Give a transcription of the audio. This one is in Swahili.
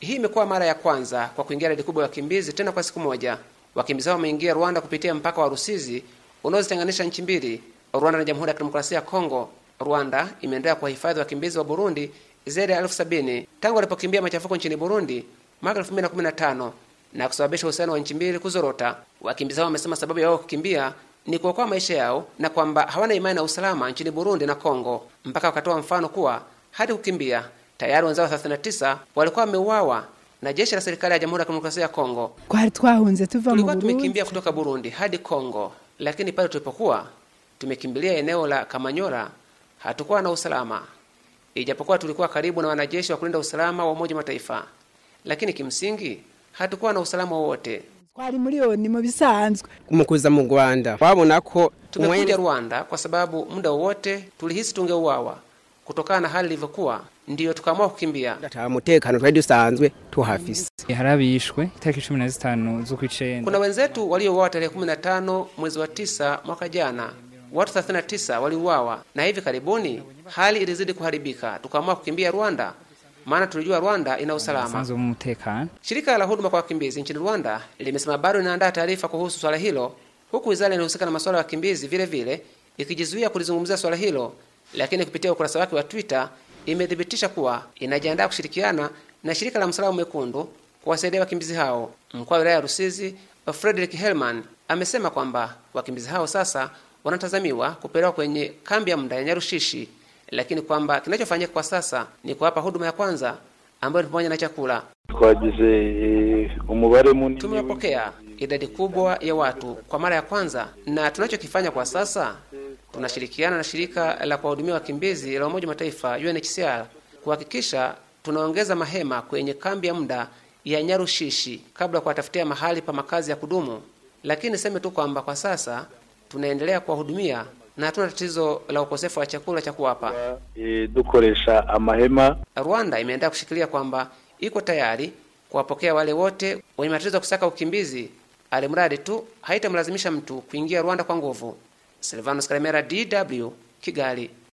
Hii imekuwa mara ya kwanza kwa kuingia idadi kubwa ya wakimbizi tena kwa siku moja. Wakimbizi hao wameingia Rwanda kupitia mpaka wa Rusizi unaozitenganisha nchi mbili, Rwanda na Jamhuri ya Kidemokrasia ya Kongo. Rwanda imeendelea kuwahifadhi wakimbizi wa Burundi zaidi ya elfu sabini tangu walipokimbia machafuko nchini Burundi mwaka mbili na kusababisha uhusiano wa nchi mbili kuzorota. Wakimbizi hao wamesema sababu ya wao kukimbia ni kuokoa maisha yao na kwamba hawana imani na usalama nchini Burundi na Kongo, mpaka wakatoa mfano kuwa hadi kukimbia Tayari wenzao 39 walikuwa wameuawa na jeshi la serikali ya Jamhuri ya Kidemokrasia ya Kongo. Tulikuwa tumekimbia kutoka Burundi hadi Kongo, lakini pale tulipokuwa tumekimbilia eneo la Kamanyola hatukuwa na usalama, ijapokuwa tulikuwa karibu na wanajeshi wa kulinda usalama wa Umoja wa Mataifa, lakini kimsingi hatukuwa na usalama wowote. Tumekuja Rwanda kwa sababu muda wowote tulihisi tungeuawa kutokana na hali ilivyokuwa ndiyo tukamua kukimbia mutekano twari dusanzwe tuhafise hari abishwe itariki cumi na zitanu z'ukwicenda kuna wenzetu waliouawa tarehe kumi na tano mwezi wa tisa mwaka jana watu 39 waliuawa na hivi karibuni hali ilizidi kuharibika tukamua kukimbia Rwanda maana tulijua Rwanda ina usalama. Shirika la huduma kwa wakimbizi nchini Rwanda limesema bado linaandaa taarifa kuhusu swala hilo, huku wizara inayohusika na masuala ya wakimbizi vile vile ikijizuia kulizungumzia swala hilo, lakini kupitia ukurasa wake wa Twitter imethibitisha kuwa inajiandaa kushirikiana na shirika la Msalaba Mwekundu kuwasaidia wakimbizi hao. Mkuu wa wilaya ya Rusizi Frederick Hellman amesema kwamba wakimbizi hao sasa wanatazamiwa kupelekwa kwenye kambi ya muda ya Nyarushishi, lakini kwamba kinachofanyika kwa sasa ni kuwapa huduma ya kwanza ambayo ni pamoja na chakula. Eh, Tumewapokea idadi kubwa ya watu kwa mara ya kwanza, na tunachokifanya kwa sasa tunashirikiana na shirika la kuwahudumia wakimbizi la Umoja Mataifa UNHCR kuhakikisha tunaongeza mahema kwenye kambi ya muda ya Nyarushishi kabla ya kuwatafutia mahali pa makazi ya kudumu. Lakini niseme tu kwamba kwa sasa tunaendelea kuwahudumia na hatuna tatizo la ukosefu wa chakula cha kuwapa. E, dukoresha amahema. Rwanda imeendelea kushikilia kwamba iko tayari kuwapokea wale wote wenye matatizo ya kusaka ukimbizi, alimradi tu haitamlazimisha mtu kuingia Rwanda kwa nguvu. Silvanus Karemera, DW, Kigali.